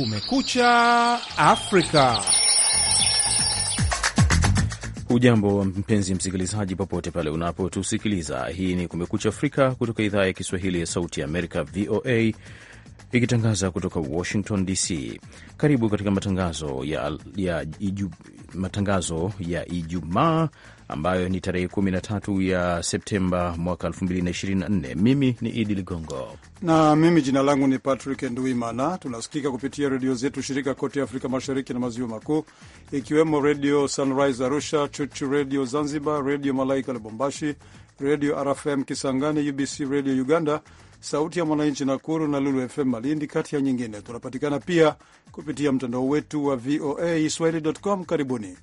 Kumekucha Afrika. Ujambo mpenzi msikilizaji, popote pale unapotusikiliza. Hii ni Kumekucha Afrika kutoka idhaa ya Kiswahili ya Sauti ya Amerika, VOA, ikitangaza kutoka Washington DC. Karibu katika matangazo ya, ya, iju, matangazo ya Ijumaa ambayo ni tarehe 13 ya Septemba mwaka 2024. Mimi ni Idi Ligongo na mimi jina langu ni Patrick Nduimana. Tunasikika kupitia redio zetu shirika kote Afrika Mashariki na Maziwa Makuu, ikiwemo Redio Sunrise Arusha, Chuchu Redio Zanzibar, Redio Malaika Lubumbashi, Redio RFM Kisangani, UBC Redio Uganda, Sauti ya Mwananchi Nakuru na Lulu FM Malindi, kati ya nyingine. Tunapatikana pia kupitia mtandao wetu wa VOA Swahili.com. Karibuni.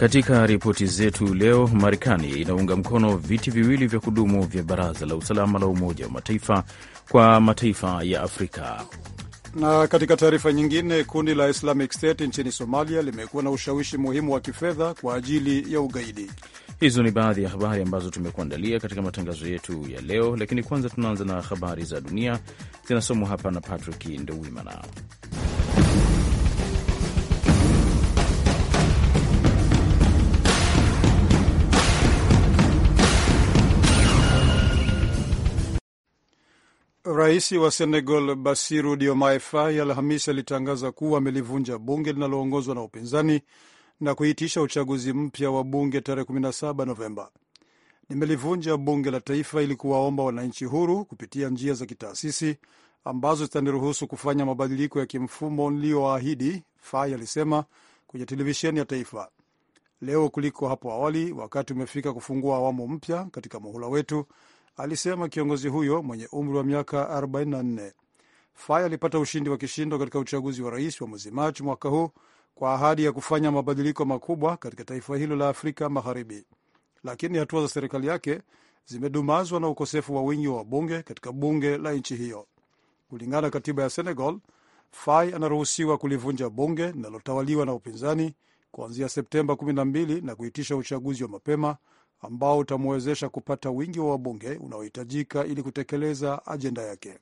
Katika ripoti zetu leo, Marekani inaunga mkono viti viwili vya kudumu vya Baraza la Usalama la Umoja wa Mataifa kwa mataifa ya Afrika. Na katika taarifa nyingine, kundi la Islamic State nchini Somalia limekuwa na ushawishi muhimu wa kifedha kwa ajili ya ugaidi. Hizo ni baadhi ya habari ambazo tumekuandalia katika matangazo yetu ya leo, lakini kwanza tunaanza na habari za dunia zinasomwa hapa na Patrick Ndewimana. Rais wa Senegal Basiru Diomaye Faye Alhamisi alitangaza kuwa amelivunja bunge linaloongozwa na upinzani na kuitisha uchaguzi mpya wa bunge tarehe 17 Novemba. Nimelivunja bunge la taifa ili kuwaomba wananchi huru kupitia njia za kitaasisi ambazo zitaniruhusu kufanya mabadiliko ya kimfumo niliyoahidi, Faye alisema kwenye televisheni ya taifa. Leo kuliko hapo awali, wakati umefika kufungua awamu mpya katika muhula wetu alisema kiongozi huyo mwenye umri wa miaka 44. Faye alipata ushindi wa kishindo katika uchaguzi wa rais wa mwezi Machi mwaka huu kwa ahadi ya kufanya mabadiliko makubwa katika taifa hilo la Afrika Magharibi, lakini hatua za serikali yake zimedumazwa na ukosefu wa wingi wa wabunge katika bunge la nchi hiyo. Kulingana na katiba ya Senegal, Faye anaruhusiwa kulivunja bunge linalotawaliwa na upinzani kuanzia Septemba 12 na kuitisha uchaguzi wa mapema ambao utamwezesha kupata wingi wa wabunge unaohitajika ili kutekeleza ajenda yake.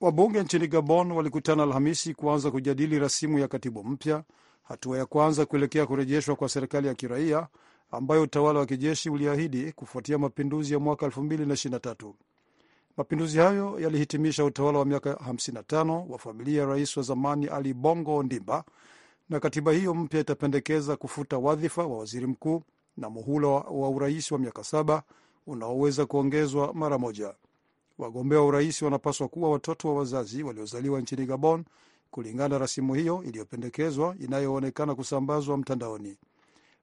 Wabunge nchini Gabon walikutana Alhamisi kuanza kujadili rasimu ya katibu mpya, hatua ya kwanza kuelekea kurejeshwa kwa serikali ya kiraia ambayo utawala wa kijeshi uliahidi kufuatia mapinduzi ya mwaka 2023. Mapinduzi hayo yalihitimisha utawala wa miaka 55 wa familia ya rais wa zamani Ali Bongo Ondimba, na katiba hiyo mpya itapendekeza kufuta wadhifa wa waziri mkuu na muhula wa urais wa miaka saba unaoweza kuongezwa mara moja. Wagombea wa urais wanapaswa kuwa watoto wa wazazi waliozaliwa nchini Gabon, kulingana na rasimu hiyo iliyopendekezwa inayoonekana kusambazwa mtandaoni.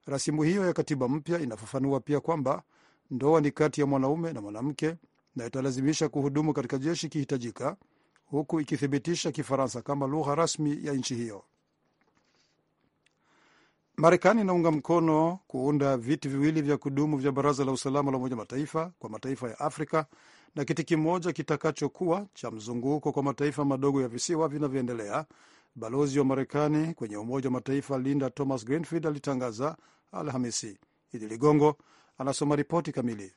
Rasimu hiyo ya katiba mpya inafafanua pia kwamba ndoa ni kati ya mwanaume na mwanamke na italazimisha kuhudumu katika jeshi ikihitajika, huku ikithibitisha Kifaransa kama lugha rasmi ya nchi hiyo. Marekani inaunga mkono kuunda viti viwili vya kudumu vya Baraza la Usalama la Umoja Mataifa kwa mataifa ya Afrika na kiti kimoja kitakachokuwa cha mzunguko kwa mataifa madogo ya visiwa vinavyoendelea. Balozi wa Marekani kwenye Umoja wa Mataifa Linda Thomas Greenfield alitangaza Alhamisi. Idi Ligongo anasoma ripoti kamili.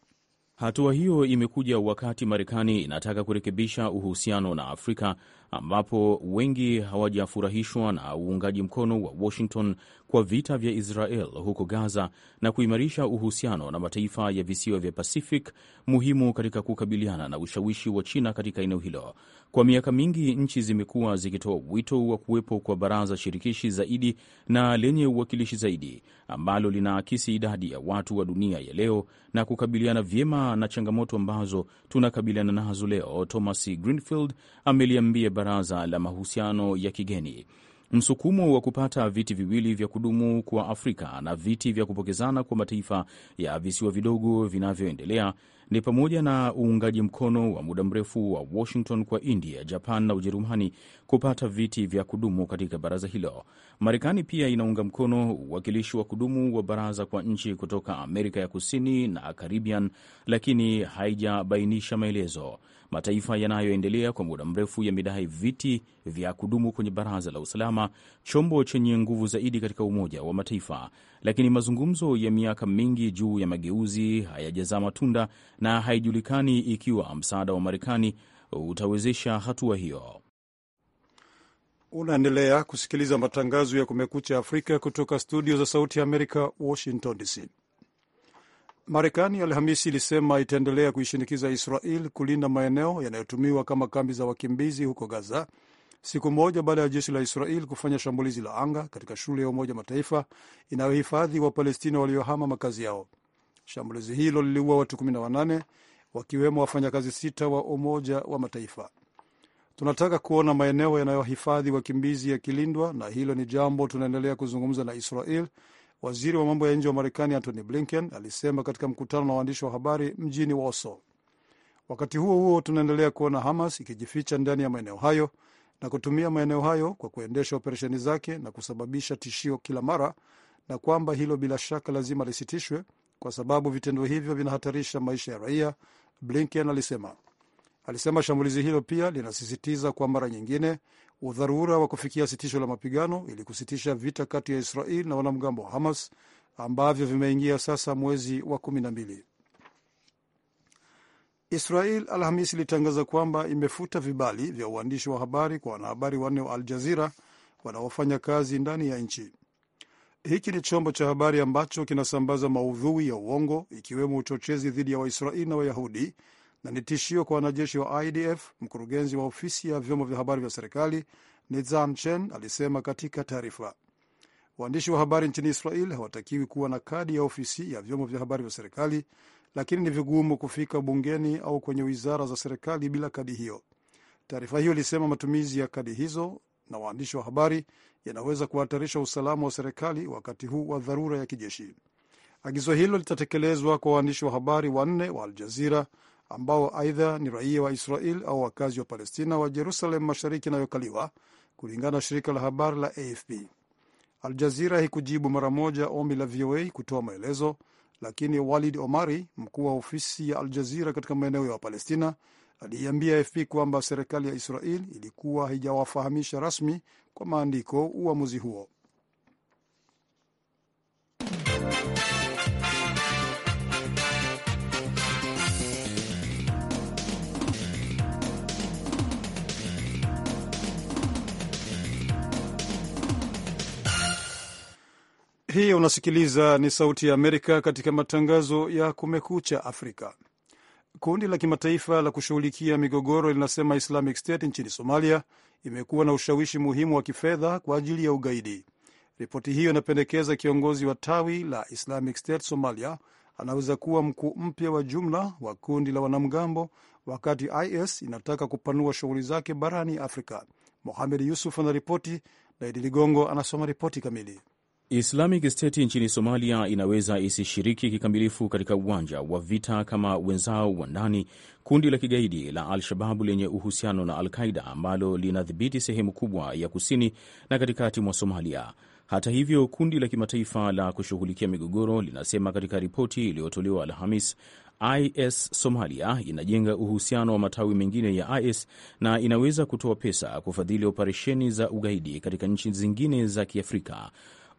Hatua hiyo imekuja wakati Marekani inataka kurekebisha uhusiano na Afrika ambapo wengi hawajafurahishwa na uungaji mkono wa Washington kwa vita vya Israel huko Gaza na kuimarisha uhusiano na mataifa ya visiwa vya Pacific muhimu katika kukabiliana na ushawishi wa China katika eneo hilo. Kwa miaka mingi, nchi zimekuwa zikitoa wito wa kuwepo kwa baraza shirikishi zaidi na lenye uwakilishi zaidi ambalo linaakisi idadi ya watu wa dunia ya leo na kukabiliana vyema na changamoto ambazo tunakabiliana nazo leo, Thomas Greenfield ameliambia Baraza la Mahusiano ya Kigeni. Msukumo wa kupata viti viwili vya kudumu kwa Afrika na viti vya kupokezana kwa mataifa ya visiwa vidogo vinavyoendelea ni pamoja na uungaji mkono wa muda mrefu wa Washington kwa India, Japan na Ujerumani kupata viti vya kudumu katika baraza hilo. Marekani pia inaunga mkono uwakilishi wa kudumu wa baraza kwa nchi kutoka Amerika ya Kusini na Caribbean, lakini haijabainisha maelezo mataifa yanayoendelea kwa muda mrefu yamedai viti vya kudumu kwenye Baraza la Usalama, chombo chenye nguvu zaidi katika Umoja wa Mataifa. Lakini mazungumzo ya miaka mingi juu ya mageuzi hayajazaa matunda na haijulikani ikiwa msaada wa Marekani utawezesha hatua hiyo. Unaendelea kusikiliza matangazo ya Kumekucha Afrika kutoka studio za Sauti ya Amerika, Washington DC. Marekani Alhamisi ilisema itaendelea kuishinikiza Israel kulinda maeneo yanayotumiwa kama kambi za wakimbizi huko Gaza, siku moja baada ya jeshi la Israel kufanya shambulizi la anga katika shule ya Umoja Mataifa inayohifadhi Wapalestina waliohama makazi yao. Shambulizi hilo liliua watu 18 wakiwemo wafanyakazi sita wa Umoja wa Mataifa. Tunataka kuona maeneo yanayohifadhi wakimbizi yakilindwa, na hilo ni jambo tunaendelea kuzungumza na Israel Waziri wa mambo ya nje wa Marekani Antony Blinken alisema katika mkutano na waandishi wa habari mjini Warsaw. Wakati huo huo, tunaendelea kuona Hamas ikijificha ndani ya maeneo hayo na kutumia maeneo hayo kwa kuendesha operesheni zake na kusababisha tishio kila mara, na kwamba hilo bila shaka lazima lisitishwe kwa sababu vitendo hivyo vinahatarisha maisha ya raia, Blinken alisema. Alisema shambulizi hilo pia linasisitiza kwa mara nyingine udharura wa kufikia sitisho la mapigano ili kusitisha vita kati ya Israel na wanamgambo wa Hamas ambavyo vimeingia sasa mwezi wa kumi na mbili. Israel Alhamis ilitangaza kwamba imefuta vibali vya uandishi wa habari kwa wanahabari wanne wa Al Jazira wanaofanya kazi ndani ya nchi. Hiki ni chombo cha habari ambacho kinasambaza maudhui ya uongo ikiwemo uchochezi dhidi ya Waisraeli na Wayahudi na ni tishio kwa wanajeshi wa IDF. Mkurugenzi wa ofisi ya vyombo vya habari vya serikali Nizam Chen alisema katika taarifa. Waandishi wa habari nchini Israel hawatakiwi kuwa na kadi ya ofisi ya vyombo vya habari vya serikali, lakini ni vigumu kufika bungeni au kwenye wizara za serikali bila kadi hiyo. Taarifa hiyo ilisema matumizi ya kadi hizo na waandishi wa habari yanaweza kuhatarisha usalama wa serikali wakati huu wa dharura ya kijeshi. Agizo hilo litatekelezwa kwa waandishi wa habari wanne wa Aljazira ambao aidha ni raia wa Israel au wakazi wa Palestina wa Jerusalem mashariki inayokaliwa, kulingana na shirika la habari la AFP. Al Jazira haikujibu mara moja ombi la VOA kutoa maelezo, lakini Walid Omari, mkuu wa ofisi ya Al Jazira katika maeneo ya Wapalestina, aliiambia AFP kwamba serikali ya Israel ilikuwa haijawafahamisha rasmi kwa maandiko uamuzi huo. Hii unasikiliza ni Sauti ya Amerika katika matangazo ya Kumekucha Afrika. Kundi la kimataifa la kushughulikia migogoro linasema Islamic State nchini Somalia imekuwa na ushawishi muhimu wa kifedha kwa ajili ya ugaidi. Ripoti hiyo inapendekeza kiongozi wa tawi la Islamic State Somalia anaweza kuwa mkuu mpya wa jumla wa kundi la wanamgambo, wakati IS inataka kupanua shughuli zake barani Afrika. Mohamed Yusuf anaripoti na Idi Ligongo anasoma ripoti kamili. Islamic State nchini Somalia inaweza isishiriki kikamilifu katika uwanja wa vita kama wenzao wa ndani. Kundi la kigaidi la Al-Shababu lenye uhusiano na Al-Qaida ambalo linadhibiti sehemu kubwa ya kusini na katikati mwa Somalia. Hata hivyo, kundi la kimataifa la kushughulikia migogoro linasema katika ripoti iliyotolewa Alhamis, IS Somalia inajenga uhusiano wa matawi mengine ya IS na inaweza kutoa pesa kufadhili operesheni za ugaidi katika nchi zingine za Kiafrika.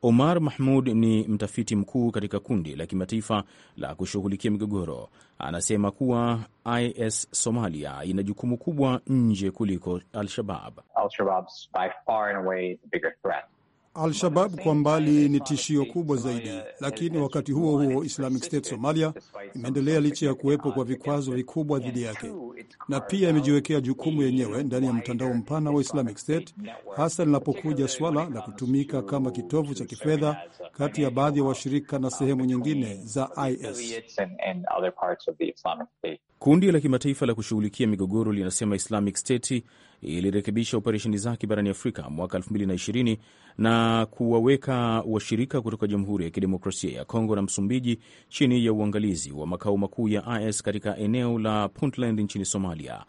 Omar Mahmud ni mtafiti mkuu katika kundi la kimataifa la kushughulikia migogoro. Anasema kuwa IS Somalia ina jukumu kubwa nje kuliko Al-Shabab. Al-Shabab's by far and away the bigger threat. Al-Shabab kwa mbali ni tishio kubwa zaidi, lakini wakati huo huo Islamic State Somalia imeendelea licha ya kuwepo kwa vikwazo vikubwa dhidi yake, na pia imejiwekea jukumu yenyewe ndani ya mtandao mpana wa Islamic State, hasa linapokuja swala la kutumika kama kitovu cha kifedha kati ya baadhi ya wa washirika na uh, sehemu nyingine za IS. Kundi la kimataifa la kushughulikia migogoro linasema Islamic State ilirekebisha operesheni zake barani Afrika mwaka 2020 na kuwaweka washirika kutoka Jamhuri ya Kidemokrasia ya Kongo na Msumbiji chini ya uangalizi wa makao makuu ya IS katika eneo la Puntland nchini Somalia.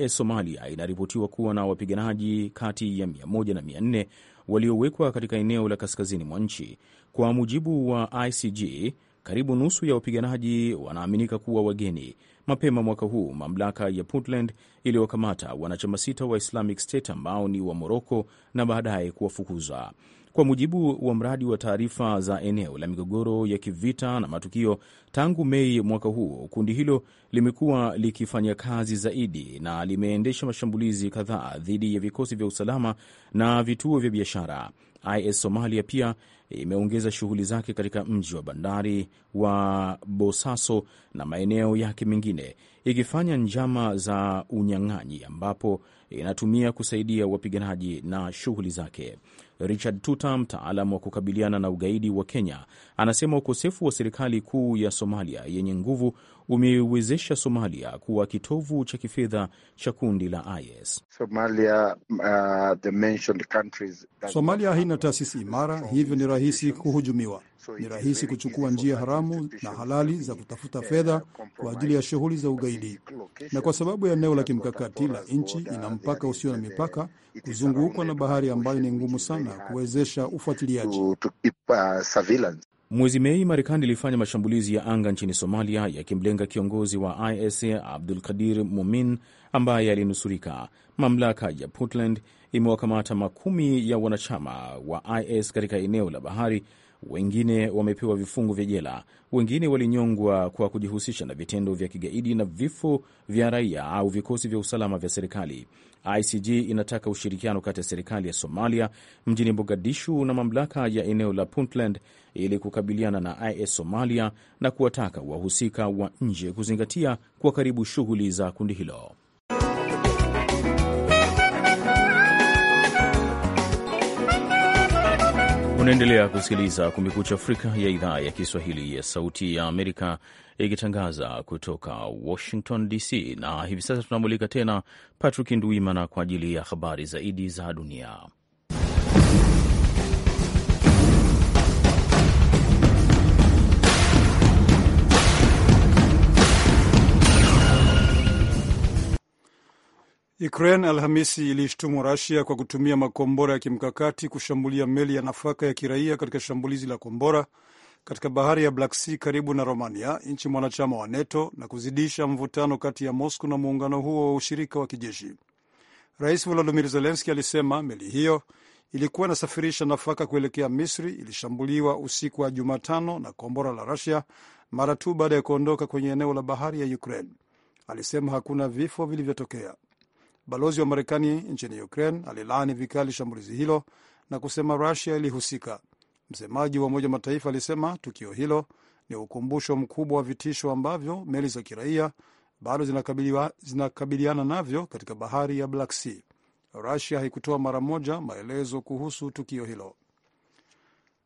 IS Somalia inaripotiwa kuwa na wapiganaji kati ya 100 na 400 waliowekwa katika eneo la kaskazini mwa nchi, kwa mujibu wa ICG. Karibu nusu ya wapiganaji wanaaminika kuwa wageni. Mapema mwaka huu mamlaka ya Puntland iliwakamata wanachama sita wa Islamic State ambao ni wa Moroko na baadaye kuwafukuza. Kwa mujibu wa mradi wa taarifa za eneo la migogoro ya kivita na matukio, tangu Mei mwaka huu kundi hilo limekuwa likifanya kazi zaidi na limeendesha mashambulizi kadhaa dhidi ya vikosi vya usalama na vituo vya biashara. IS Somalia pia imeongeza shughuli zake katika mji wa bandari wa Bosaso na maeneo yake mengine, ikifanya njama za unyang'anyi ambapo inatumia kusaidia wapiganaji na shughuli zake. Richard Tuta, mtaalamu wa kukabiliana na ugaidi wa Kenya, anasema ukosefu wa serikali kuu ya Somalia yenye nguvu umeiwezesha Somalia kuwa kitovu cha kifedha cha kundi la IS. Somalia, uh, the mentioned countries that... Somalia haina taasisi imara, hivyo ni rahisi kuhujumiwa. Ni rahisi kuchukua njia haramu na halali za kutafuta fedha kwa ajili ya shughuli za ugaidi, na kwa sababu ya eneo la kimkakati la nchi ina mpaka usio na mipaka, kuzungukwa na bahari ambayo ni ngumu sana kuwezesha ufuatiliaji. Uh, Mwezi Mei, Marekani ilifanya mashambulizi ya anga nchini Somalia yakimlenga kiongozi wa IS Abdul kadir Mumin ambaye alinusurika. Mamlaka ya Puntland imewakamata makumi ya wanachama wa IS katika eneo la bahari. Wengine wamepewa vifungo vya jela, wengine walinyongwa kwa kujihusisha na vitendo vya kigaidi na vifo vya raia au vikosi vya usalama vya serikali. icg inataka ushirikiano kati ya serikali ya Somalia mjini Mogadishu na mamlaka ya eneo la Puntland ili kukabiliana na IS Somalia na kuwataka wahusika wa nje kuzingatia kwa karibu shughuli za kundi hilo. Unaendelea kusikiliza Kumekucha Afrika ya idhaa ya Kiswahili ya Sauti ya Amerika ikitangaza kutoka Washington DC, na hivi sasa tunamulika tena Patrick Nduimana kwa ajili ya habari zaidi za dunia. Ukraine Alhamisi ilishtumu Rasia kwa kutumia makombora ya kimkakati kushambulia meli ya nafaka ya kiraia katika shambulizi la kombora katika bahari ya Black Sea karibu na Romania, nchi mwanachama wa NATO, na kuzidisha mvutano kati ya Moscow na muungano huo wa ushirika wa kijeshi. Rais volodimir zelenski alisema meli hiyo ilikuwa inasafirisha nafaka kuelekea Misri ilishambuliwa usiku wa Jumatano na kombora la Rusia mara tu baada ya kuondoka kwenye eneo la bahari ya Ukraine. Alisema hakuna vifo vilivyotokea. Balozi wa Marekani nchini Ukraine alilaani vikali shambulizi hilo na kusema Rusia ilihusika. Msemaji wa Umoja wa Mataifa alisema tukio hilo ni ukumbusho mkubwa wa vitisho ambavyo meli za kiraia bado zinakabiliana navyo katika bahari ya Black Sea. Rusia haikutoa mara moja maelezo kuhusu tukio hilo.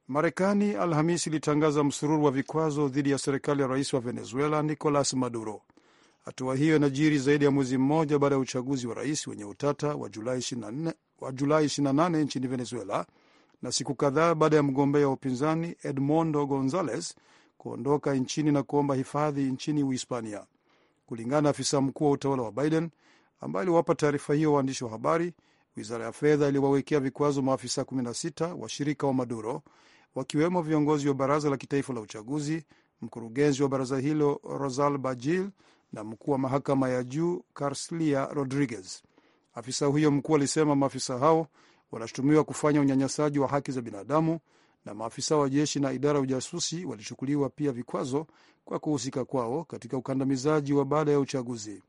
Marekani Alhamisi ilitangaza msururu wa vikwazo dhidi ya serikali ya rais wa Venezuela Nicolas Maduro. Hatua hiyo inajiri zaidi ya mwezi mmoja baada ya uchaguzi wa rais wenye utata wa Julai 28 nchini Venezuela na siku kadhaa baada ya mgombea wa upinzani edmondo Gonzales kuondoka nchini na kuomba hifadhi nchini Uhispania, kulingana na afisa mkuu wa utawala wa Biden ambaye aliwapa taarifa hiyo waandishi wa habari. Wizara ya fedha iliwawekea vikwazo maafisa 16 washirika wa Maduro, wakiwemo viongozi wa baraza la kitaifa la uchaguzi, mkurugenzi wa baraza hilo Rosal Bajil na mkuu wa mahakama ya juu carslia Rodriguez. Afisa huyo mkuu alisema maafisa hao wanashutumiwa kufanya unyanyasaji wa haki za binadamu, na maafisa wa jeshi na idara ya ujasusi walichukuliwa pia vikwazo kwa kuhusika kwao katika ukandamizaji wa baada ya uchaguzi.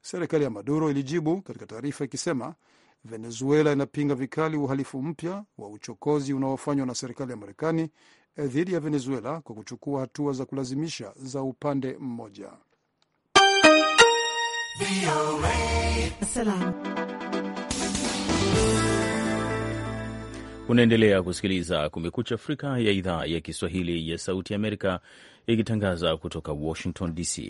Serikali ya Maduro ilijibu katika taarifa ikisema Venezuela inapinga vikali uhalifu mpya wa uchokozi unaofanywa na serikali ya Marekani eh, dhidi ya Venezuela kwa kuchukua hatua za kulazimisha za upande mmoja. Unaendelea kusikiliza Kumekucha Afrika ya idhaa ya Kiswahili ya Sauti Amerika ikitangaza kutoka Washington DC.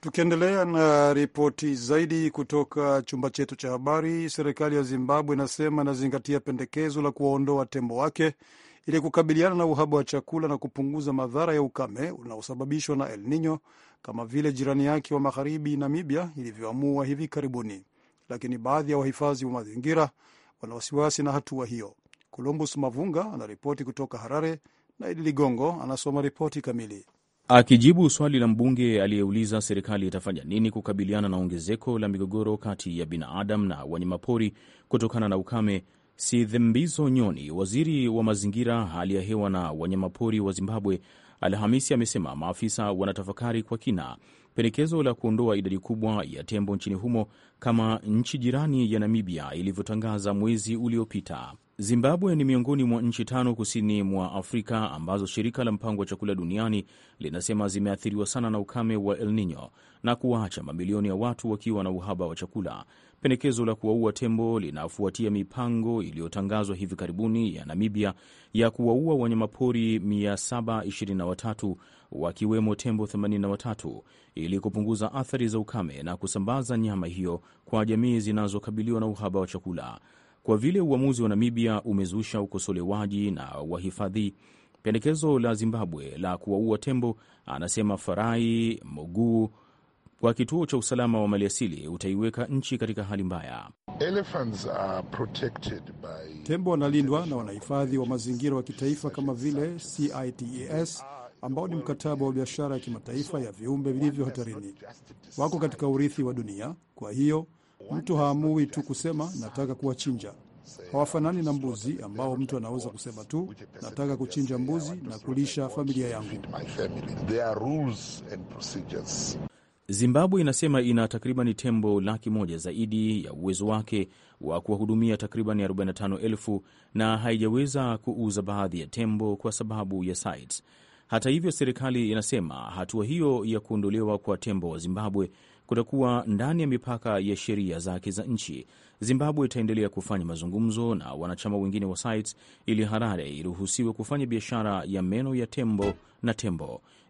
Tukiendelea na ripoti zaidi kutoka chumba chetu cha habari, serikali ya Zimbabwe inasema inazingatia pendekezo la kuwaondoa tembo wake ili kukabiliana na uhaba wa chakula na kupunguza madhara ya ukame unaosababishwa na El Nino kama vile jirani yake wa magharibi Namibia ilivyoamua hivi karibuni. Lakini baadhi ya wahifadhi wa mazingira wana wasiwasi na hatua hiyo. Columbus Mavunga anaripoti kutoka Harare na Idi Ligongo anasoma ripoti kamili. Akijibu swali la mbunge aliyeuliza serikali itafanya nini kukabiliana na ongezeko la migogoro kati ya binadamu na wanyamapori kutokana na ukame, Sithembiso Nyoni, waziri wa mazingira, hali ya hewa na wanyamapori wa Zimbabwe, Alhamisi amesema maafisa wanatafakari kwa kina pendekezo la kuondoa idadi kubwa ya tembo nchini humo kama nchi jirani ya Namibia ilivyotangaza mwezi uliopita. Zimbabwe ni miongoni mwa nchi tano kusini mwa Afrika ambazo shirika la mpango wa chakula duniani linasema zimeathiriwa sana na ukame wa El Nino na kuwaacha mamilioni ya watu wakiwa na uhaba wa chakula. Pendekezo la kuwaua tembo linafuatia mipango iliyotangazwa hivi karibuni ya Namibia ya kuwaua wanyamapori 723 wakiwemo tembo 83 ili kupunguza athari za ukame na kusambaza nyama hiyo kwa jamii zinazokabiliwa na uhaba wa chakula. Kwa vile uamuzi wa Namibia umezusha ukosolewaji na wahifadhi pendekezo la Zimbabwe la kuwaua tembo, anasema Farai Moguu, wa kituo cha usalama wa maliasili utaiweka nchi katika hali mbaya. Tembo wanalindwa na wanahifadhi wa mazingira wa kitaifa kama vile CITES ambao ni mkataba wa biashara ya kimataifa ya viumbe vilivyo hatarini. Wako katika urithi wa dunia, kwa hiyo mtu haamui tu kusema nataka kuwachinja. Hawafanani na mbuzi ambao mtu anaweza kusema tu nataka kuchinja mbuzi na kulisha familia yangu. Zimbabwe inasema ina takriban tembo laki moja zaidi ya uwezo wake wa kuwahudumia takriban 45,000 na haijaweza kuuza baadhi ya tembo kwa sababu ya CITES. Hata hivyo, serikali inasema hatua hiyo ya kuondolewa kwa tembo wa Zimbabwe kutakuwa ndani ya mipaka ya sheria zake za nchi. Zimbabwe itaendelea kufanya mazungumzo na wanachama wengine wa CITES ili Harare iruhusiwe kufanya biashara ya meno ya tembo na tembo.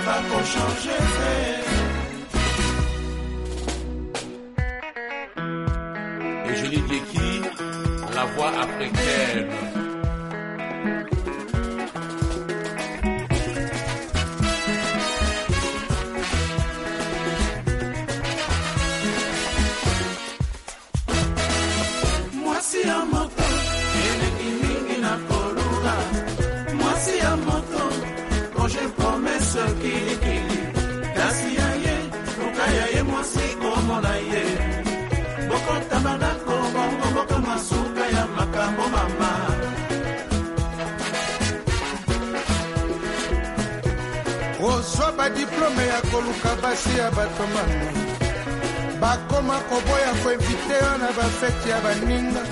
va qu'on change Et je l'ai dit qui la voix qu'elle biso kilikili ya kozwa badiplome ya koluka basi ya bato mama bakoma koboya koinvite yo na bafeti ya baninga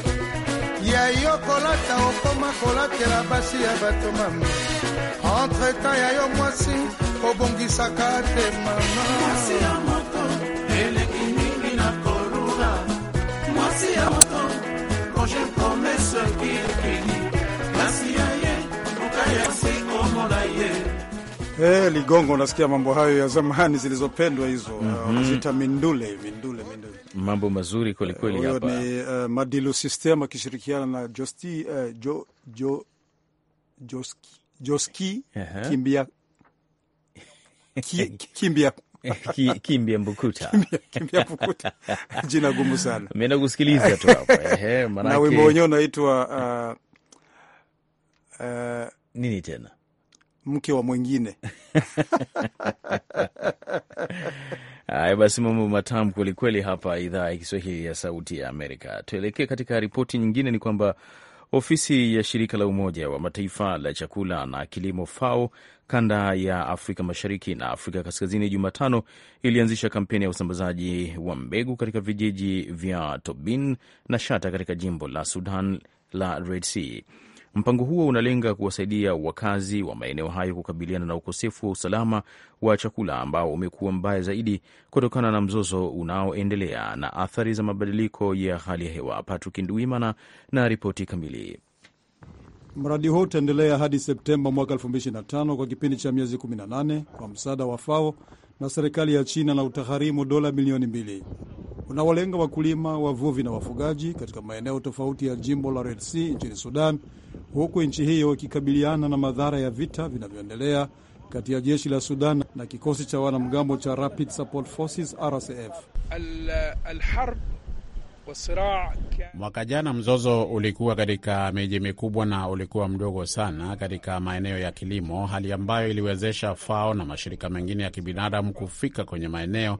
ya yo kolata okoma kolatela basi ya bato mama entre entretan yayo mwasi obongisaka te mama Hey, Ligongo, nasikia mambo hayo ya zamani zilizopendwa hizo, mhm. uh, wanaziita mm -hmm. Mindule, mindule, mindule, mambo mazuri eh, hapa. Huyo ni uh, Madilu System akishirikiana na Josti uh, jo, jo, Joski Joski Kimbia, ki, kimbia kimbia mbukuta kimbia, mbukuta jina gumu sana, mimi nakusikiliza tu hapa ehe, na wimbo wenyewe unaitwa uh, uh, nini tena, mke wa mwingine Haya basi, mambo matamu kwelikweli hapa idhaa ya Kiswahili ya Sauti ya Amerika. Tuelekee katika ripoti nyingine, ni kwamba Ofisi ya shirika la Umoja wa Mataifa la chakula na kilimo FAO kanda ya Afrika Mashariki na Afrika Kaskazini Jumatano ilianzisha kampeni ya usambazaji wa mbegu katika vijiji vya Tobin na Shata katika jimbo la Sudan la Red Sea. Mpango huo unalenga kuwasaidia wakazi wa maeneo hayo kukabiliana na ukosefu wa usalama wa chakula ambao umekuwa mbaya zaidi kutokana na mzozo unaoendelea na athari za mabadiliko ya hali ya hewa. Patrick Nduimana na ripoti kamili. Mradi huo utaendelea hadi Septemba mwaka 2025 kwa kipindi cha miezi 18 kwa msaada wa FAO na serikali ya China na utagharimu dola milioni mbili. Unawalenga wakulima, wavuvi na wafugaji katika maeneo tofauti ya jimbo la Red Sea nchini Sudan huku nchi hiyo ikikabiliana na madhara ya vita vinavyoendelea kati ya jeshi la Sudan na kikosi cha wanamgambo cha Rapid Support Forces RSF. Mwaka jana mzozo ulikuwa katika miji mikubwa na ulikuwa mdogo sana katika maeneo ya kilimo, hali ambayo iliwezesha FAO na mashirika mengine ya kibinadamu kufika kwenye maeneo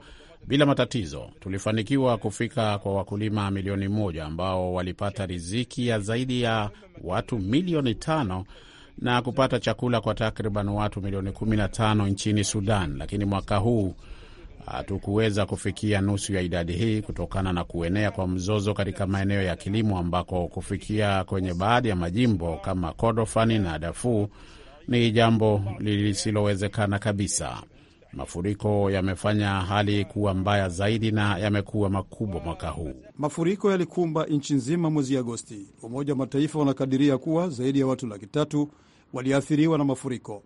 bila matatizo. Tulifanikiwa kufika kwa wakulima milioni moja ambao walipata riziki ya zaidi ya watu milioni tano na kupata chakula kwa takriban watu milioni 15 nchini Sudan, lakini mwaka huu hatukuweza kufikia nusu ya idadi hii kutokana na kuenea kwa mzozo katika maeneo ya kilimo ambako kufikia kwenye baadhi ya majimbo kama Kordofani na Darfur ni jambo lisilowezekana kabisa. Mafuriko yamefanya hali kuwa mbaya zaidi na yamekuwa makubwa mwaka huu. Mafuriko yalikumba nchi nzima mwezi Agosti. Umoja wa Mataifa wanakadiria kuwa zaidi ya watu laki tatu waliathiriwa na mafuriko.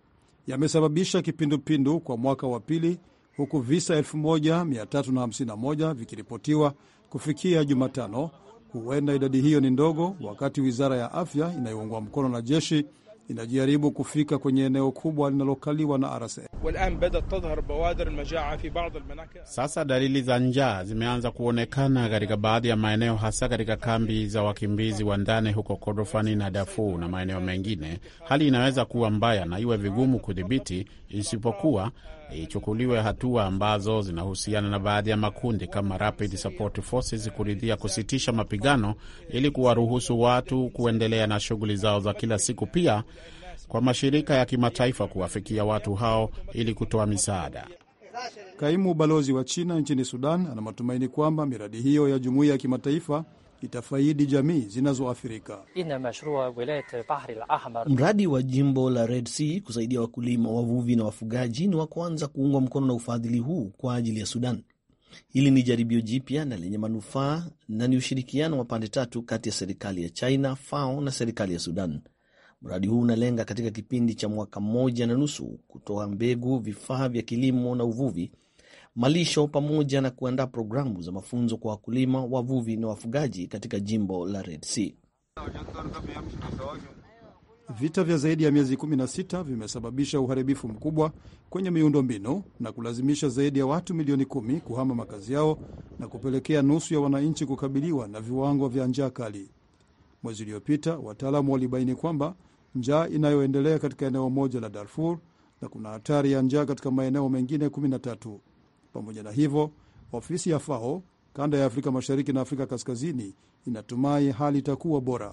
Yamesababisha kipindupindu kwa mwaka wa pili, huku visa 1351 vikiripotiwa kufikia Jumatano. Huenda idadi hiyo ni ndogo, wakati wizara ya afya inayoungwa mkono na jeshi inajaribu kufika kwenye eneo kubwa linalokaliwa na RSF. Sasa dalili za njaa zimeanza kuonekana katika baadhi ya maeneo, hasa katika kambi za wakimbizi wa ndani huko Kordofani na dafu na maeneo mengine. Hali inaweza kuwa mbaya na iwe vigumu kudhibiti, isipokuwa ichukuliwe hatua ambazo zinahusiana na baadhi ya makundi kama Rapid Support Forces kuridhia kusitisha mapigano ili kuwaruhusu watu kuendelea na shughuli zao za kila siku, pia kwa mashirika ya kimataifa kuwafikia watu hao ili kutoa misaada. Kaimu balozi wa China nchini Sudan ana matumaini kwamba miradi hiyo ya jumuiya ya kimataifa itafaidi jamii zinazoathirika. Mradi wa jimbo la Red Sea kusaidia wakulima, wavuvi na wafugaji ni wa kwanza kuungwa mkono na ufadhili huu kwa ajili ya Sudan. Hili ni jaribio jipya na lenye manufaa na ni ushirikiano wa pande tatu kati ya serikali ya China, FAO na serikali ya Sudan. Mradi huu unalenga katika kipindi cha mwaka mmoja na nusu kutoa mbegu, vifaa vya kilimo na uvuvi malisho pamoja na kuandaa programu za mafunzo kwa wakulima, wavuvi na wafugaji katika jimbo la Red Sea. Vita vya zaidi ya miezi 16 vimesababisha uharibifu mkubwa kwenye miundo mbinu na kulazimisha zaidi ya watu milioni kumi kuhama makazi yao na kupelekea nusu ya wananchi kukabiliwa na viwango vya njaa kali. Mwezi uliopita wataalamu walibaini kwamba njaa inayoendelea katika eneo moja la Darfur na kuna hatari ya njaa katika maeneo mengine pamoja na hivyo, ofisi ya FAO kanda ya Afrika Mashariki na Afrika Kaskazini inatumai hali itakuwa bora.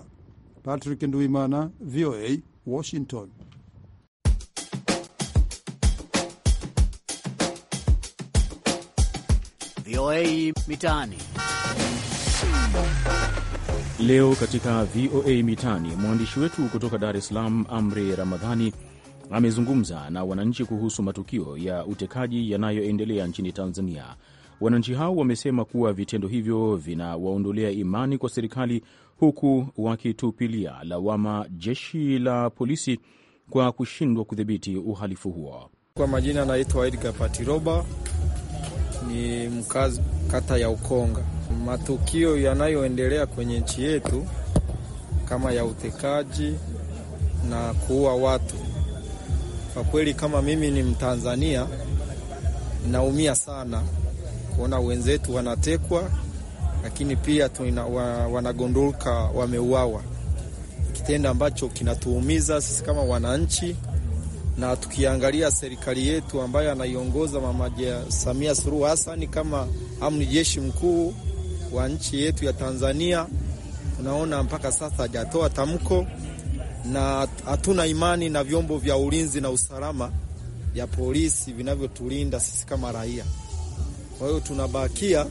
Patrick Nduimana, VOA, Washington. VOA Mitaani. Leo katika VOA Mitaani, mwandishi wetu kutoka Dar es Salaam, Amri Ramadhani amezungumza na wananchi kuhusu matukio ya utekaji yanayoendelea nchini Tanzania. Wananchi hao wamesema kuwa vitendo hivyo vinawaondolea imani kwa serikali, huku wakitupilia lawama jeshi la polisi kwa kushindwa kudhibiti uhalifu huo. Kwa majina anaitwa Edgar Patiroba, ni mkazi kata ya Ukonga. Matukio yanayoendelea kwenye nchi yetu kama ya utekaji na kuua watu kwa kweli kama mimi ni Mtanzania naumia sana kuona wenzetu wanatekwa, lakini pia tuna, wa, wanagondolka wameuawa, kitendo ambacho kinatuumiza sisi kama wananchi. Na tukiangalia serikali yetu ambayo anaiongoza Mama Samia Suluhu Hassan kama amri jeshi mkuu wa nchi yetu ya Tanzania, tunaona mpaka sasa hajatoa tamko na hatuna imani na vyombo vya ulinzi na usalama ya polisi vinavyotulinda sisi kama raia. Kwa hiyo tunabakia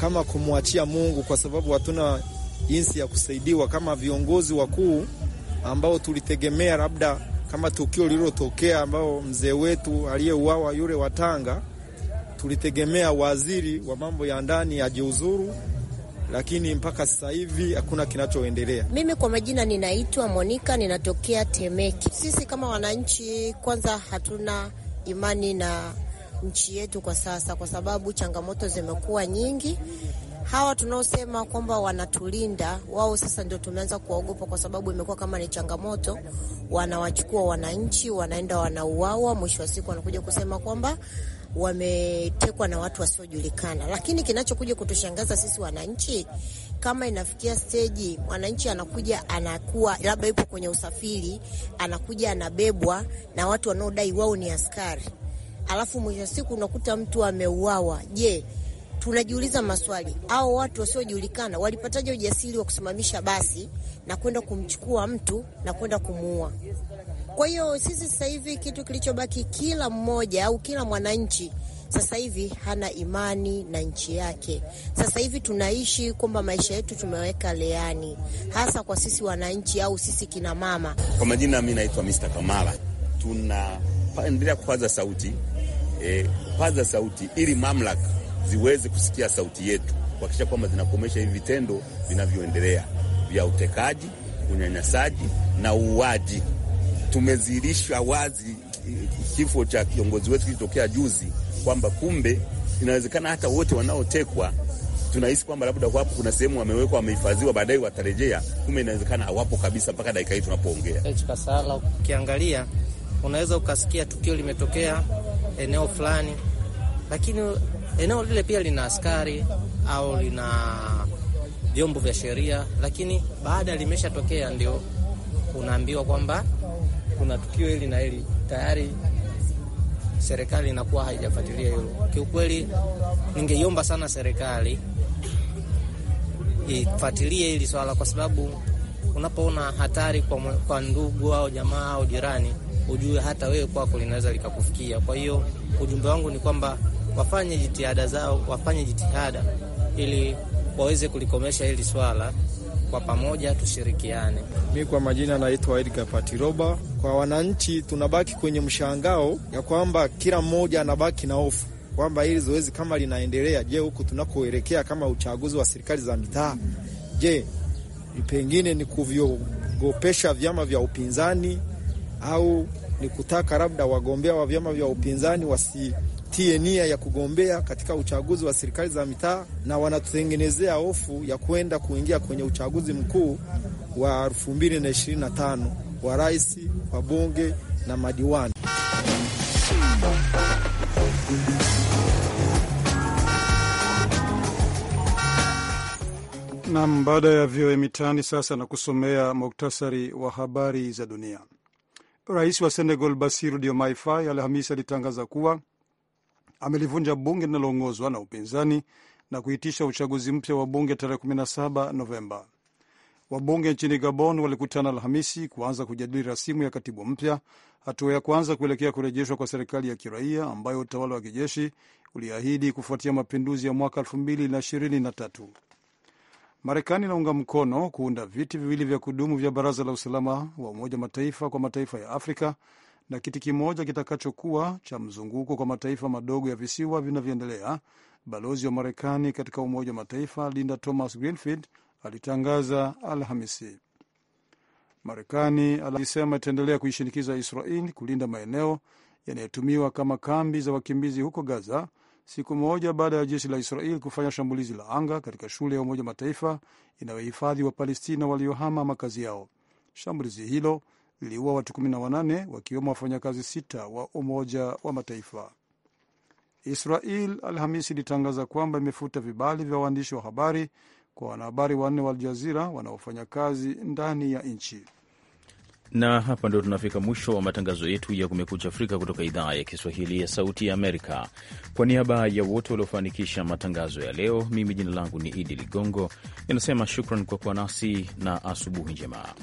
kama kumwachia Mungu, kwa sababu hatuna jinsi ya kusaidiwa kama viongozi wakuu ambao tulitegemea labda kama tukio lililotokea ambao mzee wetu aliyeuawa yule wa Tanga tulitegemea waziri wa mambo ya ndani ajiuzuru lakini mpaka sasa hivi hakuna kinachoendelea. Mimi kwa majina ninaitwa Monika, ninatokea Temeke. Sisi kama wananchi, kwanza hatuna imani na nchi yetu kwa sasa, kwa sababu changamoto zimekuwa nyingi. Hawa tunaosema kwamba wanatulinda wao, sasa ndio tumeanza kuwaogopa, kwa sababu imekuwa kama ni changamoto. Wanawachukua wananchi, wanaenda wanauawa, mwisho wa siku wanakuja kusema kwamba wametekwa na watu wasiojulikana. Lakini kinachokuja kutushangaza sisi wananchi, kama inafikia steji mwananchi anakuja anakuwa labda yupo kwenye usafiri, anakuja anabebwa na watu wanaodai wao ni askari, alafu mwisho siku unakuta mtu ameuawa. Je, tunajiuliza maswali, au watu wasiojulikana walipataje ujasiri wa kusimamisha basi na kwenda kumchukua mtu na kwenda kumuua? Kwa hiyo sisi sasa hivi kitu kilichobaki, kila mmoja au kila mwananchi sasa hivi hana imani na nchi yake. Sasa hivi tunaishi kwamba maisha yetu tumeweka leani, hasa kwa sisi wananchi au sisi kina mama. Kwa majina, mi naitwa Mr. Kamala. Tunaendelea kupaza sauti e, kupaza sauti ili mamlaka ziweze kusikia sauti yetu, kuhakikisha kwamba zinakomesha hivi vitendo vinavyoendelea vya utekaji, unyanyasaji na uuaji tumezihirisha wazi kifo cha kiongozi wetu kilitokea juzi, kwamba kumbe inawezekana hata wote wanaotekwa tunahisi kwamba labda wapo, kuna sehemu wamewekwa, wamehifadhiwa, baadaye watarejea, kumbe inawezekana hawapo kabisa mpaka dakika hii tunapoongea. Eh, Kasala ukiangalia, unaweza ukasikia tukio limetokea eneo fulani, lakini eneo lile pia lina askari au lina vyombo vya sheria, lakini baada limeshatokea ndio unaambiwa kwamba kuna tukio hili na hili, tayari serikali inakuwa haijafuatilia hilo. Kiukweli, ningeiomba sana serikali ifuatilie hili swala, kwa sababu unapoona hatari kwa, kwa ndugu au jamaa au jirani, ujue hata wewe kwako linaweza likakufikia. Kwa hiyo ujumbe wangu ni kwamba wafanye jitihada zao, wafanye jitihada ili waweze kulikomesha hili swala kwa pamoja tushirikiane. Mi kwa majina naitwa Edgar Patiroba. Kwa wananchi tunabaki kwenye mshangao ya kwamba kila mmoja anabaki na hofu kwamba hili zoezi kama linaendelea, je, huku tunakoelekea kama uchaguzi wa serikali za mitaa, je, pengine ni kuvyogopesha vyama vya upinzani au ni kutaka labda wagombea wa vyama vya upinzani wasi tie nia ya kugombea katika uchaguzi wa serikali za mitaa, na wanatutengenezea hofu ya kwenda kuingia kwenye uchaguzi mkuu wa 2025 wa rais, wa bunge na madiwani. Nam, baada ya vyoe mitaani sasa na kusomea muktasari wa habari za dunia. Rais wa Senegal Basiru Diomaye Faye Alhamisi alitangaza kuwa amelivunja bunge linaloongozwa na upinzani na kuitisha uchaguzi mpya wa bunge tarehe 17 Novemba. Wabunge nchini Gabon walikutana Alhamisi kuanza kujadili rasimu ya katibu mpya, hatua ya kwanza kuelekea kurejeshwa kwa serikali ya kiraia ambayo utawala wa kijeshi uliahidi kufuatia mapinduzi ya mwaka 2023. Marekani inaunga mkono kuunda viti viwili vya kudumu vya baraza la usalama wa Umoja Mataifa kwa mataifa ya Afrika na kiti kimoja kitakachokuwa cha mzunguko kwa mataifa madogo ya visiwa vinavyoendelea. Balozi wa Marekani katika Umoja wa Mataifa Linda Thomas Greenfield alitangaza Alhamisi. Marekani alisema itaendelea kuishinikiza Israel kulinda maeneo yanayotumiwa kama kambi za wakimbizi huko Gaza, siku moja baada ya jeshi la Israel kufanya shambulizi la anga katika shule ya Umoja wa Mataifa inayohifadhi Wapalestina waliohama makazi yao. Shambulizi hilo liliua watu 18 wakiwemo wafanyakazi sita wa Umoja wa Mataifa. Israel Alhamisi ilitangaza kwamba imefuta vibali vya waandishi wa habari kwa wanahabari wanne wa Aljazira wanaofanya kazi ndani ya nchi. Na hapa ndio tunafika mwisho wa matangazo yetu ya Kumekucha Afrika kutoka idhaa ya Kiswahili ya Sauti ya Amerika. Kwa niaba ya wote waliofanikisha matangazo ya leo, mimi jina langu ni Idi Ligongo, ninasema shukran kwa kuwa nasi na asubuhi njema.